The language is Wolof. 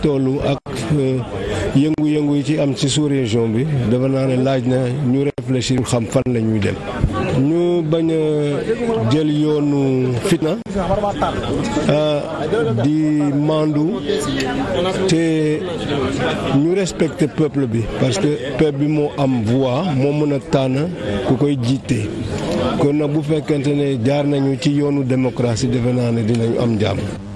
tollu ak euh, yëngu-yëngu yi ci am ci sous-région bi dafa naa ne laaj na ñu réfléchir xam fan la dem ñu bañ jël yoonu fitna euh, di mandu te ñu respecter peuple bi parce que peuple bi moo am voix moo mën a tànn ku koy jiite kon nag bu fekkente ne jaar nañu ci yoonu démocratie defe naa ne dinañu am jàmm